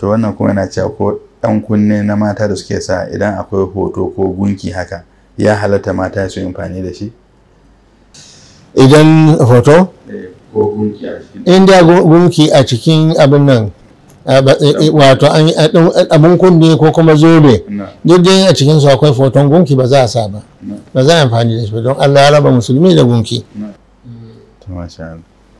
to wannan kuma yana cewa ko ɗan kunne na mata da suke sa idan akwai hoto ko gunki haka ya halatta mata su amfani da shi idan hoto eh, inda gunki a cikin abin nan e, e, wato abin kunne ko kuma zobe duk dai a cikin su akwai foton gunki ba za a sa ba ba za a amfani da shi don Allah ya raba musulmi da gunki